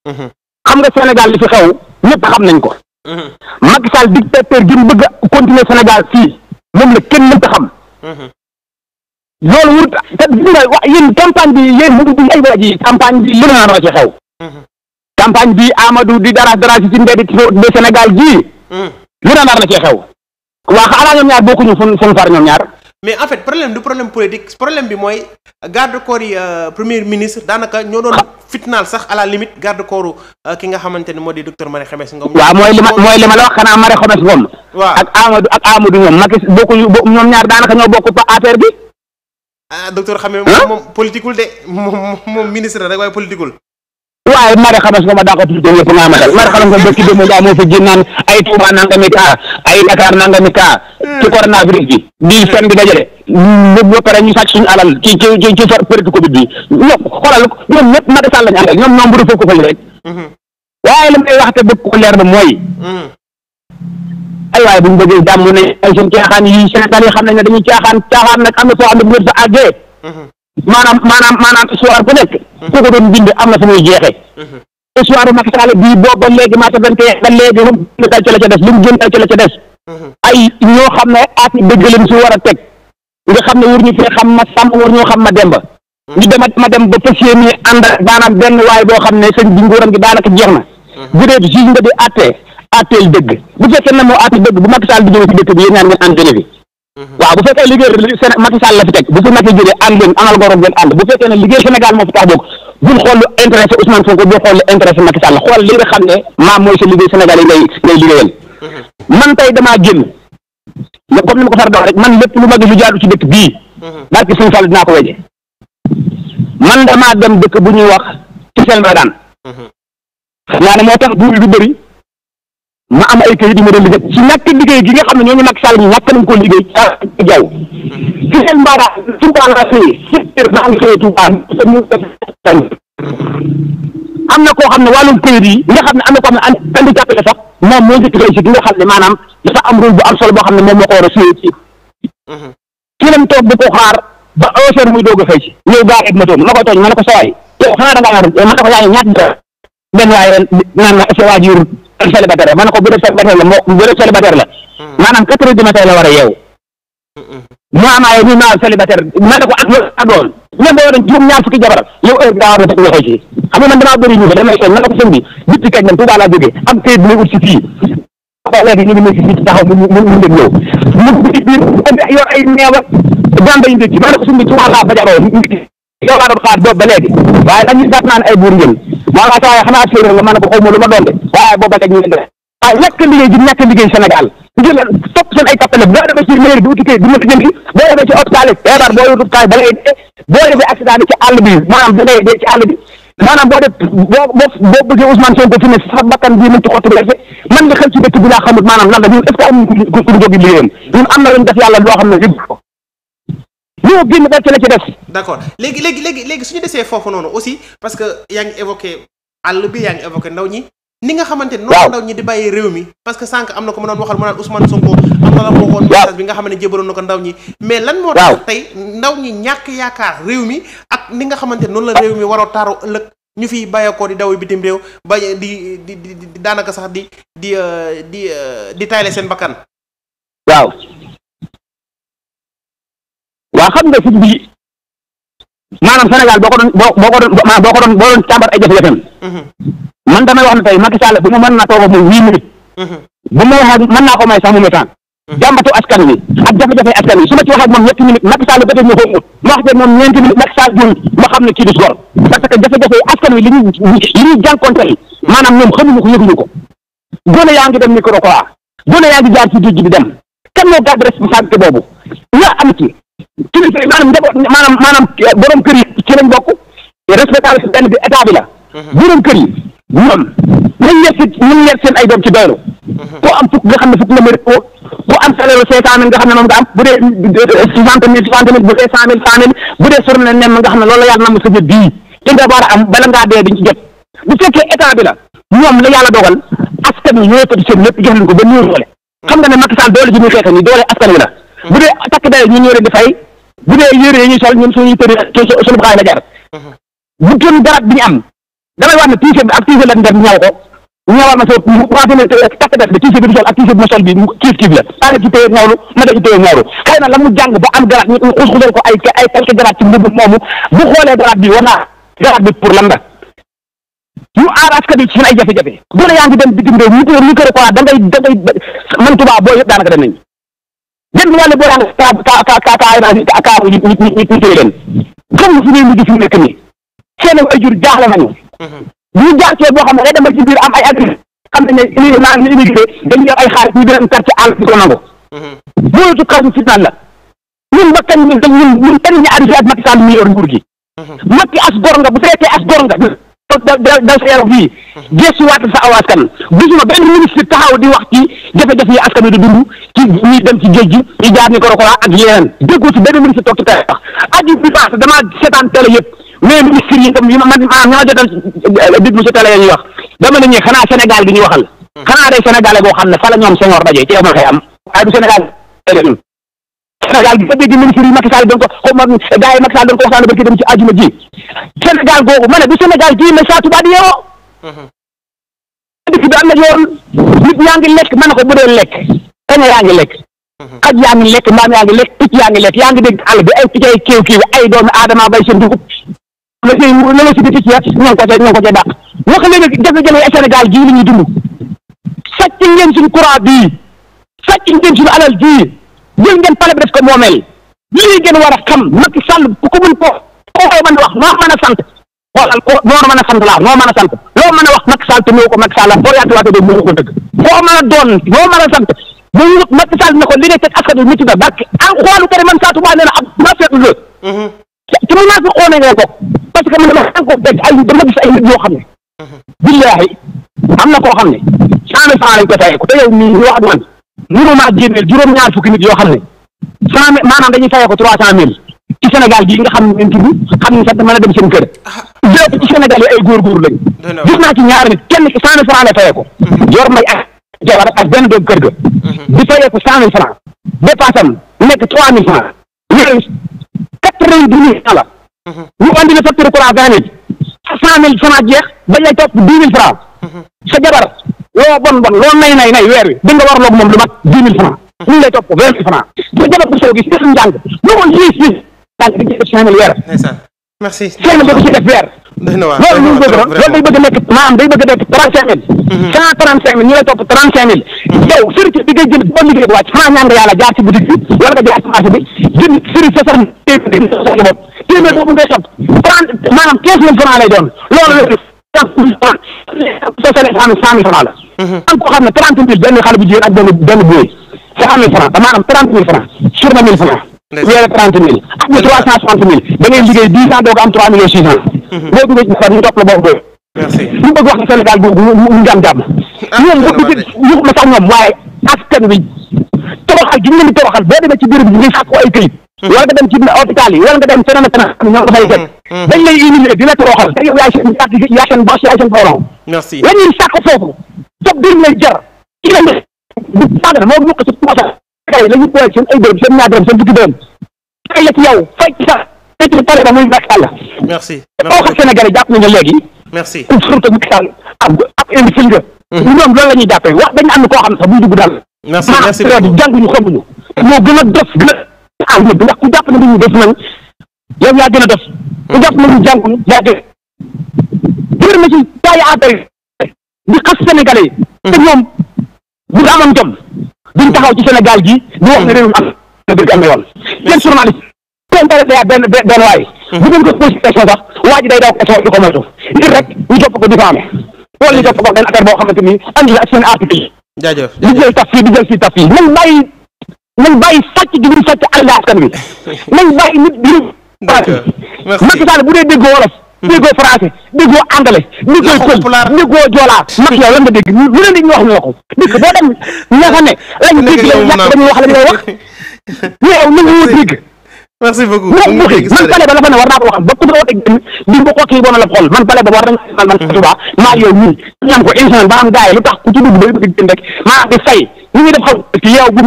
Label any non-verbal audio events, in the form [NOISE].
Mm-hmm. xam nga Sénégal li fi xew ñëpp xam nañ ko. Mm-hmm. Macky Sall dictateur gi mu bëgg a continuer Sénégal fii moom la kenn mënta xam. Mm-hmm. loolu wut te gis nga wa yéen campagne bi yéen mu ngi ay waaj yi campagne bi yéen a noo ci xew. campagne bi Amadou di dara dara ci ci mbedd de Sénégal gii. lu na nar na cee xew. waa xanaa ñoom ñaar bokkuñu fu ñu far ñoom ñaar. mais en fait problème du problème politique problème bi mooy garde corps yi euh, ministre daanaka ñoo doon fitnaal sax à la limite garde euh, ki nga xamante ne moo di docteur Marie Khemesse Ngom. waaw mooy li ma mooy li ma la wax xanaa Marie Khemesse Ngom. waaw ak Amadou ak Amadou ñoom Macky bokkuñu ñoom ñaar daanaka ñoo bokk pa affaire bi. ah docteur Khemesse moom moom politiqueul de moom moom ministre rek waaye politiqueul. waaye mari xamas ko ma daa ko tuddee yëpp nga ma xel mari xamas ko bëkki démb daa moo fa génn naan ay Touba nangami kaa ay Dakar nangami kaa ci coronavirus bi di fen bi dajale ñëpp ba pare ñu sàcc suñu alal ci ci ci ci période Covid bi ñoom xoolal ñoom ñëpp Macky Sall lañu àndal ñoom ñoom bu defee ko fañ rek mm-hmm. waaye li may wax te bëgg ko leer na mooy mm-hmm. ay waaye bu ñu bëggee jàmm ne ay seen caaxaan yi Sénégal yi xam nañ ne dañuy caaxaan caaxaan nag am na foo xam ne bu ngeen fa àggee mm-hmm. maanaam maanaam maanaam histoire bu nekk hmm. ku doon bind am na fu muy jeexee hmm. histoire Macky Sall bii boobu ba léegi mars vingt et un ba léegi lu mu génn dal ci la ca des lu mu génn dal ci la ca hmm. ñoo xam ne aat dëgg lañ war a teg nga xam ne war ñu fee xam ma sàmm war ñoo xam ma demba ñu dema ma dem ba pësier mi ànd ak maanaam benn waay boo xam ne sëñ bi nguuram gi daanaka jeex na bu dee juge nga di àttee àtteel dëgg bu fekkee na moo àtte dëgg bu Macky Sall di jóge si dëkk bi yéen ñaan ngeen ànd fi waaw bu fekkee liggéey Séné Macky Sall la fi teg bu fi Macky jógee ànd leen amal góor ngeen ànd bu fekkee ne liggéey Sénégal moo fi tax boog bul xool lu intéressé Ousmane Sonko bul xool lu intéressé Macky Sall xool li xam ne maam mooy sa liggéey Sénégal yi ngay ngay liggéeyal mhm. man tey damaa génn comme ni ma ko far dox rek man lépp lu ma gis lu si ci dëkk bii mhm. barki suñu Fall dinaa ko weje man damaa dem dëkk bu ñuy wax ci seen bagaan mhm. xam naa ne moo tax buur yi du bëri ma am ay kayit yu ma doon liggéey ci ñàkk liggéey gi nga xam ne ñooñu nag Sall ñu ñàkk nañ koo liggéey ah jaw ci seen mbaaraa Touba laa xëyee am na koo xam ne wàllum kayit yi nga xam ne am na koo xam ne an kandi jàppale sax moom moo njëkk day si gi nga xam ne maanaam dafa am rôle bu am solo boo xam ne moom moo ko war a suyee ci kii lañ toog bu ko xaar ba un heure muy doog a fay si ñëw gaa yeg ma toon ma koy tooñ ma ne ko sawaay yow xanaa da ngaa yor ma ne ko yaa ngi ñaat benn waaye naan na sa waajur ak célibataire ma ne ko bu dee célibataire la moo bu dee célibataire la hmm. maanaam quatre heures du matin la war a yeewu hmm, hmm. mu amaayoo ñu naan célibataire ko ak adool même boo doon juróom ñaar fukki jabar yow heure bi daa war a ko sëñ bi kañ man Tuubaa laa jógee am mu mu yow laa doon xaar boobu ba léegi waaye nag ñu jàpp naa ne ay buur ngeen moo la sa waaye xanaa séeréer nga mën na ko xaw ma lu ma doon de waaye boobu ba léegi ñu ngi def waaye ñàkk liggéey ji ñàkk liggéey Sénégal ngir topp seen ay tappale boo demee ci mairie bi uti kay du ma jënd boo demee ci hôpital yi feebar boo yóbbu kaay ba ngay dee boo defee accident bi ci àll bi maanaam da ngay dee ci àll bi maanaam boo def boo boo boo bëggee Ousmane Sonko fi ne sax bakkan bii mën ci xottu gerte man nga xel ci dëkk bi laa xamut maanaam lan la ñun est-ce que am ku jógi liggéeyam ñun am na lañ def yàlla loo xam ne yëg ko ñoo génn ba ci la ci des. d'accord léegi léegi léegi léegi su ñu desee foofu noonu aussi parce que yaa ngi évoqué àll bi yaa ngi évoqué ndaw ñi. ni nga xamante ni noonu ndaw ñi di bàyyi réew mi parce que sànq am na ko ma doon waxal ma naan Ousmane Sonko am na la ko waxoon message bi nga xam ne jébaloon na ko ndaw ñi mais lan moo tax tey ndaw ñi ñàkk yaakaar réew mi ak ni nga xamante noonu la réew mi waroo taaru ëllëg ñu fiy bàyyeekoo di daw bitim réew ba di di di daanaka sax di di euh, di euh, di tayle seen bakkan waa xam nga sëñ bi maanaam naa boo ko doon boo boo ko doon maanaam boo ko doon boo ay jafe-jafeem mm-hmm. man damay wax ne tey Macky Sall bu ma mën naa toog ak moom huit minutes mm-hmm. bu ma wax ak mën naa ko may sax mu métaan mm-hmm. askan wi ak jafe-jafe askan wi su ma ci wax ak moom ñetti minutes Macky Sall ba ma xóomut ma wax ak moom ma xam ne kii du góor parce que jafe-jafe askan wi li ñuy li ñuy jànkonteel maanaam ñoom xamuñu ko yëguñu ko gone yaa ngi ko micro quoi gone yaa ngi jaar ci géej gi di dem kan moo gàdd responsabilité boobu nga am ci kilifa yi maanaam njaboot maanaam maanaam borom kër yi ci lañ bokk respectable si benn bi état bi la mhm. borom kër yi ñoom nañ si nañ ay doom ci doylu mhm. koo am fukk nga xam ne fukk nga mérite ko ku am salaire cinq cent nga xam ne moom nga am bu dee soixante mille soixante mille bu dee cent mille cent mille bu dee ne nem nga xam ne loolu la yàlla na mu sa jot bii te nga war a am bala ngaa dee diñ ci jot bu fekkee état bi dogal askan yi ñooy cotisé lépp jox leen ko ba néew doole mhm. xam nga ne Macky Sall doole ji muy xeexam ni doole askan la takk day ñun ñoo leen di fay bu dee yére yi ñuy sol ñun suñuy tëri suñu xaay la jar bu tën garab bi ñu am damay wax ne tiise bi ak tiise la def ñaw ko ñawal ma so waatene takk def bi tiise bi du sol ak tiise bi ma sol bi kiif kiif la maa ngi ci téye ñawlu ma xëy na la mu jàng ba am garab ñu xus-xusal ko ay ay quelque garab ci mbubb moomu bu xoolee garab bi war garab bi pour lan la ñu aar askan wi suñu ay jafe-jafe bu ne yaa ngi dem bitim réew ñu kër boo yëpp daanaka dem léegi ñu daal di boole kaa kaa kaa kaa kaa kaa kaa kaa ñu ñu ñu ñu téye leen xam nga fu ñuy mujj fi nekk nii seen ay jur jaaxle nañu. bu mhm. ñu jaaxlee boo xam ne day demal ci biir am ay agri xam nañ ne lii naan li immigré dañuy yor ay xaalis ñu gën a tar ci àll bi ko nangu. loolu mhm. ci kaw si naan la ñun ba kañ ñun dañ ñun ñun dañ ñu arrivé ak Macky Sall mi yor nguur gi. Mhm. Macky as gor nga bu fekkee as gor nga. dal sa yaram fii gëstuwaat sa aw askan gisuma benn ministre taxaw di wax ci jafe-jafe yi askan wi di dund ci ñuy dem ci géej gi ñu jaar ni korokora ak yeneen déggoo ci benn ministre toog ci télé wax aju bi paase damaa seetaan télé yëpp mais ministre yi tam yi ma man ma ma jotal déglu ci télé yi ñuy wax dama ne ñi xanaa Sénégal gi ñu waxal xanaa day Sénégal goo xam ne fa la ñoom Senghor dajee ci yow ma koy am waaye du Sénégal senegal bi fa dégg ministre yi Macky Sall doon ko xaw ma gars yi Macky Sall doon ko waxtaanee barki dem ci àjjuma ji Sénégal googu ma ne du Sénégal gii mais saa tubaab di yeewoo. dëkk bi am na yoon yaa ngi lekk ma na ko bu dee lekk kañ yaa ngi lekk. xaj yaa ngi lekk mbaam yaa ngi lekk picc yaa ngi lekk yaa ngi dégg àll bi ay picc ay kiiw kiiw ay doomi aadama bay seen dugub la siy di picc ya ñoo ngi ko ca ñoo ngi ko ca dàq wax léegi jafe-jafe Sénégal gii li ñuy dund sàcc ngeen suñu courant bii sàcc ngeen suñu alal bii jël ngeen pale bi def ko moomeel lii ngeen war a xam Macky Sall ku ko mën koo koo koy mën a wax noo mën a sant xoolal ko noo mën a sant laa noo mën a sant loo mën a wax Macky Sall te noo ko Macky Sall boo yaatuwaatee doo mënu ko dëgg foo mën a doon noo mën a na li ngay teg askan wi métti na barke ak xoolu kër man saa tubaab nee na ab naafeeq la te mu naa fi xoone ngeen ko parce que man dama ko dégg ay dama gis ay nit yoo xam ne mhm. billaahi am na koo xam ne cent mille francs lañ ko tayee mënoo maa génneel juróom-ñaar fukki nit yoo xam ne cent mille maanaam dañuy fayoo ko trois cent mille ci Sénégal gii nga xam ne leen tudd xam ne sax mën a dem seen kër ah. lépp ci Sénégal yi ay góorgóorlu lañ gis naa ci kenn ki cent mille franc la fayee ko mm-hmm. jor mbay ak jabar ak benn doom kër ga mm-hmm. di fayee ko cent mille franc dépassam nekk trois mille franc loolu quatre vingt la ñu jeex bañ lay topp dix mille franc mm-hmm. sa jabar loo bon bon loo nay nay nay weer wi di nga warloog moom lu mat dix mille francs ko gis gis njàng di jël cinq mille weer. merci cinq mille ko ci def weer. loolu ñu bëgg loolu day bëgg nekk maanaam day bëgg nekk trente cinq mille mhm. cent trente cinq mille ñu lay topp trente cinq mille mhm. yow sëriñ bi ngay jënd boo liggéey bu wàcc xanaa ñaan nga yàlla jaar ci boutique bi wala nga jaar ci marché sa sax téeméer téeméer boobu ngay topp trente maanaam quinze mille francs lay doon soo seetlee sa am cent mille franc la. Mhm. am koo xam ne trente bu jigéen ak benn benn booy cent mille franc damaa am trente franc sur na mille franc. weere trente mille am na trois cent soixante mille da ngay liggéey dix ans doo ko am trois millions six cent. Mhm. boo duggee ci la boo bëgg. merci ñu bëgg wax ne Sénégal boobu mu ngi am jàmm. ñoom bu ñu la sax ñoom waaye wi. toroxal gi ñu toroxal boo demee ci bi ngay sàkku ay këyit hmm. wala nga dem ci hôpital wala nga dem feneen ak feneen xam ne ñoo ko fay fekk hmm. Hmm. dañ lay humilier di la toroxal te yow yaay seen carte yaay seen bâche yaay seen la ñuy sàkk foofu sob dañ lay jar ci la du sàggan moo ñu ko ci commencé tey la ñu boole seen ay dërëm seen ñaar dërëm seen fukki dërëm tey la ci yow fay ci sax tey ci pare ba muy Macky Sall merci koo xam Sénégalais jàpp nañu léegi merci surtout Macky Sall ab ñun ñoom loolu la ñuy jàppee wax dañu am koo xam sax buy dugg daal. merci ah, merci beaucoup jànguñu xamuñu. moo gën a def gën a ànd ndax ku jàpp ne def nañ yow yaa gën a def. ku jàpp ne dañuy jànguñu yaa gën a ci taay affaire di xas sénégalais yi. Mm. te ñoom bu ci Sénégal gi di wax ne réew mi am benn benn waay. Mm. bu ngeen ko posé question sax waa ji day daw question ko moytu rek ñu topp ko di loolu ñu topp wax benn affaire boo xamante ni andi la ak seen article yi. jaajëf di jël taf fii di jël fii taf fii nañ gi ñuy sàcc àll askan bi [LAUGHS] nañ bàyyi nit bi ñu. d'accord merci Macky Sall bu dee déggoo wolof. Hmm. déggoo français déggoo anglais. déggoo pël déggoo joolaa. mag yow lan nga dégg lu leen di ñu wax ñu wax ko dëkk boo dem ña fa ne lañ dégg lañ yàq dañuy wax la ñuy wax mais yow nañ woo dégg. merci beaucoup man pale ba la fa ne war naa koo xam ba ku doon teg di nga bon man pale ba war nañ man man Touba maa yow ñun ñu am ko émission ba am gars lu tax ku ci dugg ba bëgg a maa di fay ñu ngi def xaw yow bu